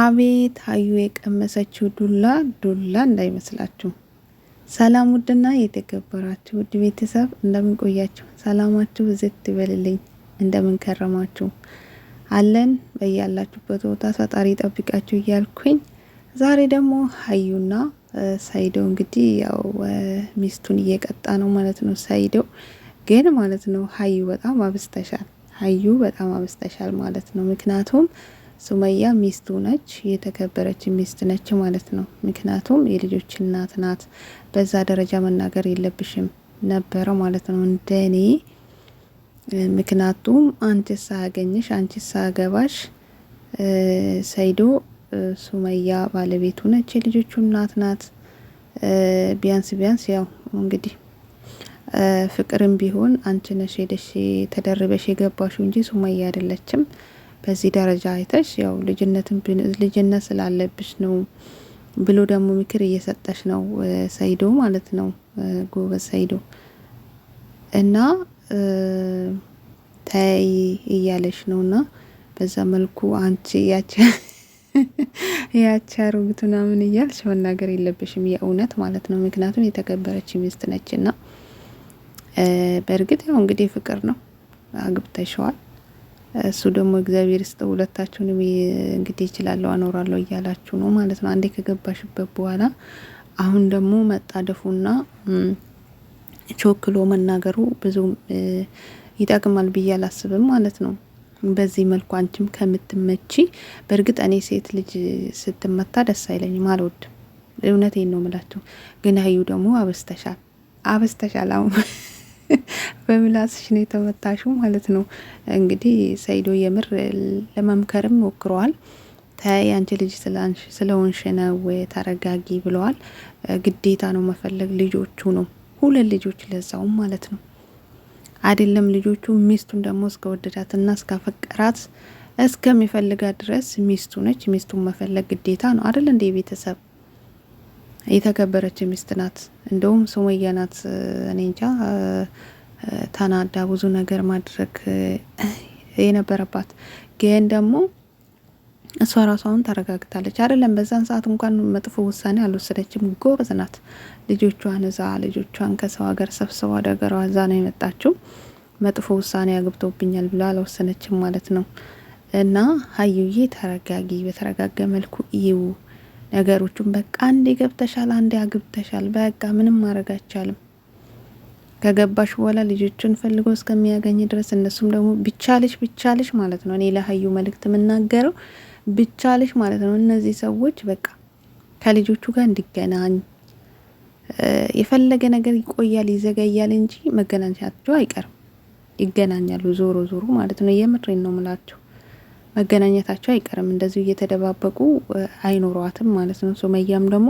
አቤት ሀዩ የቀመሰችው ዱላ ዱላ እንዳይመስላችሁ። ሰላም ውድና የተከበራችሁ ውድ ቤተሰብ እንደምን ቆያችሁ? ሰላማችሁ ዝት ይበልልኝ። እንደምን ከረማችሁ? አለን በያላችሁበት ቦታ ፈጣሪ ጠብቃችሁ እያልኩኝ ዛሬ ደግሞ ሀዩና ሳይደው እንግዲህ ያው ሚስቱን እየቀጣ ነው ማለት ነው። ሳይደው ግን ማለት ነው ሀዩ በጣም አብስተሻል፣ ሀዩ በጣም አብስተሻል ማለት ነው ምክንያቱም ሱመያ ሚስቱ ነች፣ የተከበረች ሚስት ነች ማለት ነው። ምክንያቱም የልጆች እናት ናት። በዛ ደረጃ መናገር የለብሽም ነበረ ማለት ነው እንደ እኔ። ምክንያቱም አንቺ ሳያገኝሽ አንቺ ሳያገባሽ ሰይዶ ሱመያ ባለቤቱ ነች፣ የልጆቹ እናት ናት። ቢያንስ ቢያንስ ያው እንግዲህ ፍቅርም ቢሆን አንቺ ነሽ ሄደሽ ተደርበሽ የገባሽው እንጂ ሱመያ አይደለችም። በዚህ ደረጃ አይተሽ ያው ልጅነትን ልጅነት ስላለብሽ ነው ብሎ ደግሞ ምክር እየሰጠሽ ነው ሰይዶ ማለት ነው። ጎበዝ ሰይዶ እና ተይ እያለሽ ነው እና በዛ መልኩ አንቺ ያቺ ያቻሩት ምናምን እያልሽ መናገር የለብሽም የእውነት ማለት ነው። ምክንያቱም የተከበረች ሚስት ነችና፣ በእርግጥ ያው እንግዲህ ፍቅር ነው አግብተሸዋል። እሱ ደግሞ እግዚአብሔር ስጠው ሁለታችሁንም እንግዲህ ይችላለሁ አኖራለሁ እያላችሁ ነው ማለት ነው። አንዴ ከገባሽበት በኋላ አሁን ደግሞ መጣደፉና ቾክሎ መናገሩ ብዙ ይጠቅማል ብዬ አላስብም ማለት ነው። በዚህ መልኩ አንቺም ከምትመቺ በእርግጥ እኔ ሴት ልጅ ስትመታ ደስ አይለኝም፣ አልወድም። እውነቴን ነው ምላችሁ። ግን ሀዩ ደግሞ አበስተሻል አበስተሻል አሁን በምላስሽ ነው የተመታሹ ማለት ነው። እንግዲህ ሰይዶ የምር ለመምከርም ሞክረዋል። ተይ አንቺ ልጅ ስለሆንሽ ነው ተረጋጊ ብለዋል። ግዴታ ነው መፈለግ ልጆቹ ነው ሁለት ልጆች ለዛውም ማለት ነው አይደለም ልጆቹ ሚስቱን ደግሞ እስከ ወደዳትና እስከ ፈቀራት እስከሚፈልጋት ድረስ ሚስቱ ነች። ሚስቱን መፈለግ ግዴታ ነው አይደል እንደ ቤተሰብ የተከበረች ሚስት ናት። እንደውም ሱመያ ናት እኔ እንጃ ተናዳ ብዙ ነገር ማድረግ የነበረባት ግን ደግሞ እሷ ራሷን ተረጋግታለች። አይደለም በዛን ሰዓት እንኳን መጥፎ ውሳኔ አልወሰደችም። ጎበዝ ናት። ልጆቿን እዛ ልጆቿን ከሰው ሀገር ሰብስባ ደገሯ እዛ ነው የመጣችው። መጥፎ ውሳኔ አግብቶብኛል ብላ አልወሰነችም ማለት ነው። እና ሀዩዬ ተረጋጊ፣ በተረጋጋ መልኩ ይው ነገሮቹን በቃ አንዴ ገብተሻል፣ አንዴ አግብተሻል፣ በቃ ምንም ማድረግ አይቻልም። ከገባሽ በኋላ ልጆቹን ፈልጎ እስከሚያገኝ ድረስ እነሱም ደግሞ ቢቻልሽ ቢቻልሽ ማለት ነው። እኔ ለሀዩ መልእክት የምናገረው ቢቻልሽ ማለት ነው። እነዚህ ሰዎች በቃ ከልጆቹ ጋር እንዲገናኝ የፈለገ ነገር ይቆያል ይዘገያል እንጂ መገናኘታቸው አይቀርም። ይገናኛሉ ዞሮ ዞሮ ማለት ነው። የምሬን ነው ምላቸው መገናኘታቸው አይቀርም። እንደዚሁ እየተደባበቁ አይኖሯትም ማለት ነው። ሱመያም ደግሞ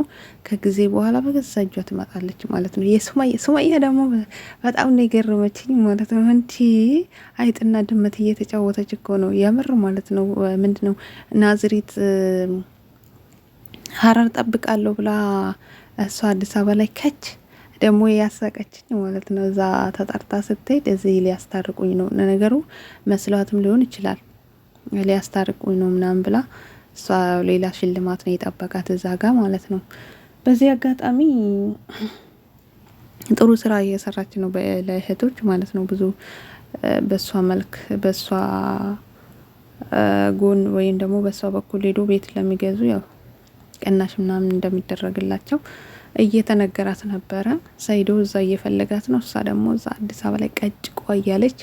ከጊዜ በኋላ በገዛ እጇ ትመጣለች ማለት ነው። ሱመያ ደግሞ በጣም ነው የገረመችኝ ማለት ነው። እንቲ አይጥና ድመት እየተጫወተች እኮ ነው የምር ማለት ነው። ምንድን ነው ናዝሪት ሀረር ጠብቃለሁ ብላ እሷ አዲስ አበባ ላይ ከች ደግሞ ያሳቀችኝ ማለት ነው። እዛ ተጠርታ ስትሄድ እዚህ ሊያስታርቁኝ ነው ነገሩ መስሏትም ሊሆን ይችላል ሊያስታርቁኝ ነው ምናምን ብላ እሷ ሌላ ሽልማት ነው የጠበቃት እዛ ጋር ማለት ነው። በዚህ አጋጣሚ ጥሩ ስራ እየሰራች ነው ለእህቶች ማለት ነው። ብዙ በእሷ መልክ በእሷ ጎን ወይም ደግሞ በእሷ በኩል ሄዶ ቤት ለሚገዙ ያው ቅናሽ ምናምን እንደሚደረግላቸው እየተነገራት ነበረ። ሰይዶ እዛ እየፈለጋት ነው፣ እሷ ደግሞ እዛ አዲስ አበባ ላይ ቀጭ ቆያለች።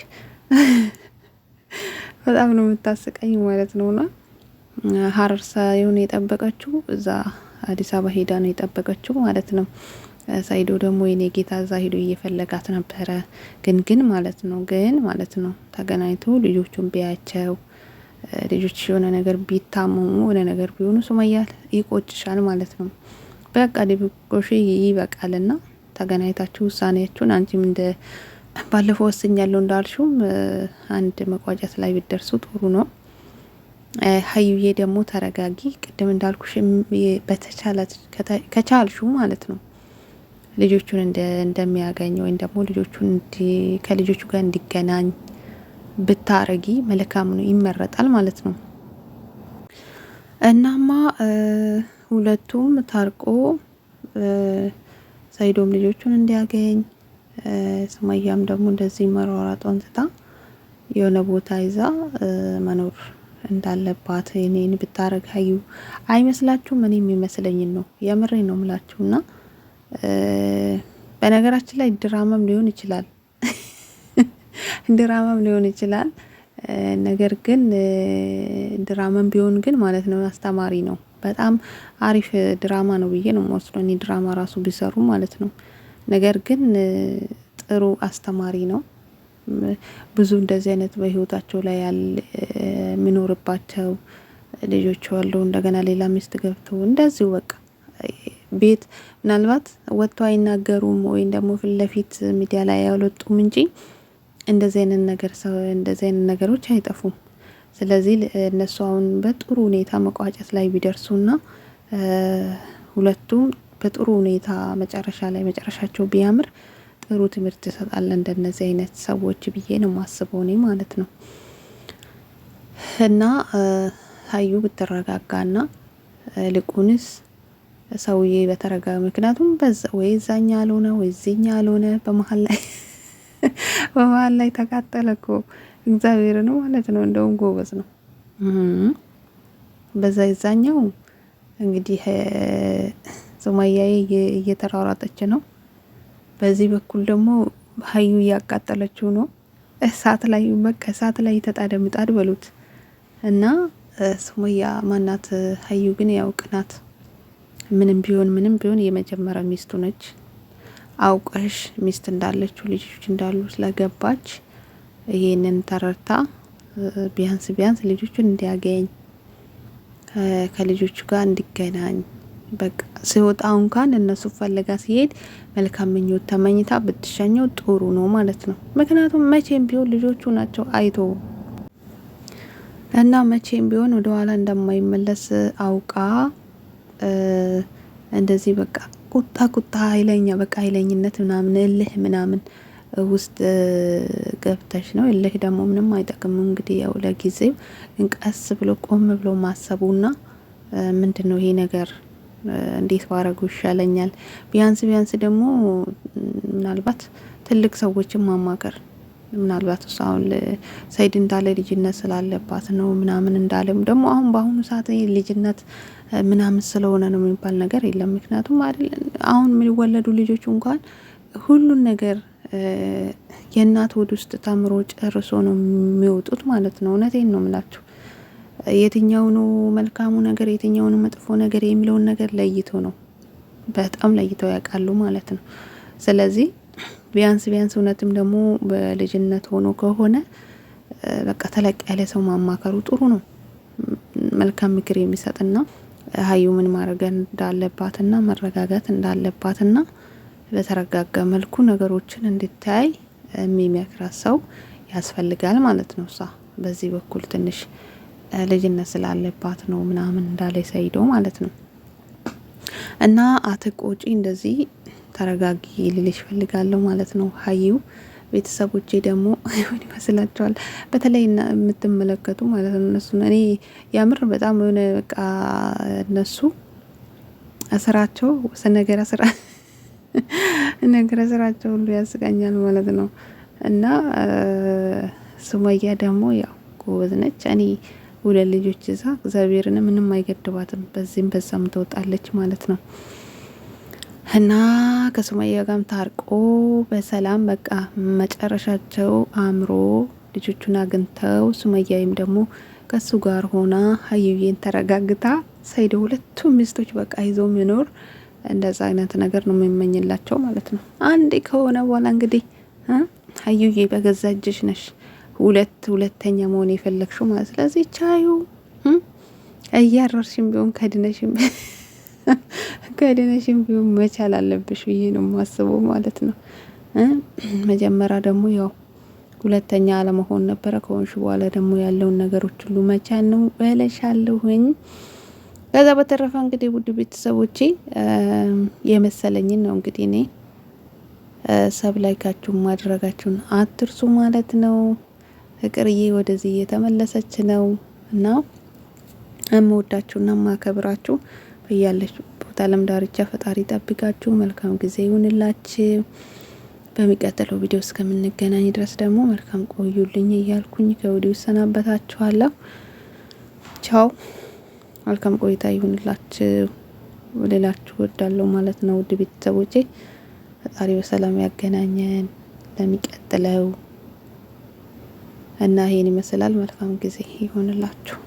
በጣም ነው የምታስቀኝ ማለት ነውና ሀረርሳ የሆነ የጠበቀችው እዛ አዲስ አበባ ሄዳ ነው የጠበቀችው ማለት ነው። ሳይዶ ደግሞ የኔ ጌታ እዛ ሄዶ እየፈለጋት ነበረ። ግን ግን ማለት ነው ግን ማለት ነው ተገናኝቶ ልጆቹን ቢያቸው ልጆች የሆነ ነገር ቢታመሙ የሆነ ነገር ቢሆኑ ሱመያ ይቆጭሻል ማለት ነው። በቃ ድብቆሽ ይበቃልና ተገናኝታችሁ ውሳኔያችሁን አንቺም እንደ ባለፈው ወስኛለሁ እንዳልሹም አንድ መቋጫት ላይ ብደርሱ ጥሩ ነው። ሀዩዬ ደግሞ ተረጋጊ። ቅድም እንዳልኩሽ ከቻልሹ ማለት ነው ልጆቹን እንደሚያገኝ ወይም ደግሞ ልጆቹን ከልጆቹ ጋር እንዲገናኝ ብታረጊ መልካም ነው፣ ይመረጣል ማለት ነው። እናማ ሁለቱም ታርቆ ሰይዶም ልጆቹን እንዲያገኝ ሱመያም ደግሞ እንደዚህ መሯሯጧን ትታ የሆነ ቦታ ይዛ መኖር እንዳለባት እኔን ብታረግ ሀዩ አይመስላችሁም? እኔ የሚመስለኝን ነው የምሬ ነው ምላችሁ እና በነገራችን ላይ ድራማም ሊሆን ይችላል ድራማም ሊሆን ይችላል። ነገር ግን ድራማም ቢሆን ግን ማለት ነው አስተማሪ ነው። በጣም አሪፍ ድራማ ነው ብዬ ነው የምወስደው እኔ ድራማ ራሱ ቢሰሩ ማለት ነው። ነገር ግን ጥሩ አስተማሪ ነው። ብዙ እንደዚህ አይነት በህይወታቸው ላይ የሚኖርባቸው ልጆች አሉ። እንደገና ሌላ ሚስት ገብተው እንደዚሁ በቃ ቤት ምናልባት ወጥቶ አይናገሩም ወይም ደግሞ ፊት ለፊት ሚዲያ ላይ አያወጡም እንጂ እንደዚህ አይነት ነገር ሰው እንደዚህ አይነት ነገሮች አይጠፉም። ስለዚህ እነሱ አሁን በጥሩ ሁኔታ መቋጨት ላይ ቢደርሱና ሁለቱም በጥሩ ሁኔታ መጨረሻ ላይ መጨረሻቸው ቢያምር ጥሩ ትምህርት ይሰጣል እንደነዚህ አይነት ሰዎች ብዬ ነው ማስበው እኔ ማለት ነው። እና ሀዩ ና ልቁንስ ሰውዬ በተረጋ ምክንያቱም በዛ ወይ እዛኛ ያልሆነ ወይ እዚህኛ ያልሆነ በመሀል ላይ በመሀል ላይ ተቃጠለ እኮ እግዚአብሔር ነው ማለት ነው። እንደውም ጎበዝ ነው። በዛ የዛኛው እንግዲህ ሱመያዬ እየተሯሯጠች ነው። በዚህ በኩል ደግሞ ሀዩ እያቃጠለችው ነው። እሳት ላይ ከእሳት ላይ የተጣደ ምጣድ በሉት እና ሱመያ ማናት ሀዩ ግን ያውቅናት ምንም ቢሆን ምንም ቢሆን የመጀመሪያ ሚስቱ ነች። አውቀሽ ሚስት እንዳለችው ልጆች እንዳሉ ስለገባች ይሄንን ተረድታ ቢያንስ ቢያንስ ልጆቹን እንዲያገኝ ከልጆቹ ጋር እንዲገናኝ በቃ ሲወጣ እንኳን እነሱ ፈልጋ ሲሄድ መልካም ምኞት ተመኝታ ብትሸኘው ጥሩ ነው ማለት ነው። ምክንያቱም መቼም ቢሆን ልጆቹ ናቸው አይቶ እና መቼም ቢሆን ወደ ኋላ እንደማይመለስ አውቃ እንደዚህ በቃ ቁጣ ቁጣ ኃይለኛ በቃ ኃይለኝነት ምናምን እልህ ምናምን ውስጥ ገብተሽ ነው። እልህ ደግሞ ምንም አይጠቅምም። እንግዲህ ያው ለጊዜው ቀስ ብሎ ቆም ብሎ ማሰቡና ምንድን ነው ይሄ ነገር እንዴት ባረጉ ይሻለኛል? ቢያንስ ቢያንስ ደግሞ ምናልባት ትልቅ ሰዎችን ማማከር ምናልባት እሱ አሁን ሰይድ እንዳለ ልጅነት ስላለባት ነው ምናምን እንዳለም ደግሞ አሁን በአሁኑ ሰዓት ልጅነት ምናምን ስለሆነ ነው የሚባል ነገር የለም። ምክንያቱም አይደል አሁን የሚወለዱ ልጆች እንኳን ሁሉን ነገር የእናት ሆድ ውስጥ ተምሮ ጨርሶ ነው የሚወጡት ማለት ነው። እውነቴን ነው የምላችሁ። የትኛው ነው መልካሙ ነገር የትኛው ነው መጥፎ ነገር የሚለውን ነገር ለይቶ ነው በጣም ለይተው ያውቃሉ ማለት ነው። ስለዚህ ቢያንስ ቢያንስ እውነትም ደግሞ በልጅነት ሆኖ ከሆነ በቃ ተለቅ ያለ ሰው ማማከሩ ጥሩ ነው። መልካም ምክር የሚሰጥና ሀዩ ምን ማድረግ እንዳለባትና መረጋጋት እንዳለባትና በተረጋጋ መልኩ ነገሮችን እንድታይ የሚመክራት ሰው ያስፈልጋል ማለት ነው። እሷ በዚህ በኩል ትንሽ ልጅነት ስላለባት ነው ምናምን እንዳለ ሰይዶ ማለት ነው። እና አትቆጪ፣ እንደዚህ ተረጋጊ ልልሽ ፈልጋለሁ ማለት ነው ሀይው ቤተሰቦቼ ደግሞ ሆን ይመስላቸዋል። በተለይ የምትመለከቱ ማለት ነው እነሱ እኔ ያምር በጣም የሆነ በቃ እነሱ ስራቸው ነገረ ስራ ነገረ ስራቸው ሁሉ ያስቀኛል ማለት ነው እና ሱመያ ደግሞ ያው ጎበዝ ነች እኔ ሁለት ልጆች ይዛ እግዚአብሔርን ምንም አይገድባትም። በዚህም በዛም ትወጣለች ማለት ነው እና ከሱማያ ጋም ታርቆ በሰላም በቃ መጨረሻቸው አምሮ ልጆቹን አግኝተው ሱማያይም ደግሞ ከሱ ጋር ሆና ሀዩዬን ተረጋግታ ሰይደ ሁለቱ ሚስቶች በቃ ይዞ የሚኖር እንደዛ አይነት ነገር ነው የሚመኝላቸው ማለት ነው። አንዴ ከሆነ በኋላ እንግዲህ ሀይዬ በገዛ እጅሽ ነሽ ሁለት ሁለተኛ መሆን የፈለግሽው ማለት ስለዚህ ቻዩ እያረርሽም ቢሆን ከድነሽም ከድነሽም ቢሆን መቻል አለብሽ ብዬ ነው የማስበው ማለት ነው። መጀመሪያ ደግሞ ያው ሁለተኛ አለመሆን ነበረ። ከሆንሽ በኋላ ደግሞ ያለውን ነገሮች ሁሉ መቻል ነው እለሻለሁኝ። ከዛ በተረፈ እንግዲህ ውድ ቤተሰቦች የመሰለኝን ነው እንግዲህ እኔ ሰብ ላይካችሁን ማድረጋችሁን አትርሱ ማለት ነው። ፍቅርዬ ወደዚህ እየተመለሰች ነው እና ማከብራችሁ የማከብራችሁ ቦታ ዓለም ዳርቻ ፈጣሪ ጠብቃችሁ መልካም ጊዜ ይሁንላችሁ። በሚቀጥለው ቪዲዮ እስከምንገናኝ ድረስ ደግሞ መልካም ቆዩልኝ እያልኩኝ ከወዲሁ እሰናበታችኋለሁ። ቻው፣ መልካም ቆይታ ይሁንላችሁ ልላችሁ ወዳለው ማለት ነው። ውድ ቤተሰቦቼ ፈጣሪ በሰላም ያገናኘን ለሚቀጥለው እና ይሄን ይመስላል። መልካም ጊዜ ይሆንላችሁ።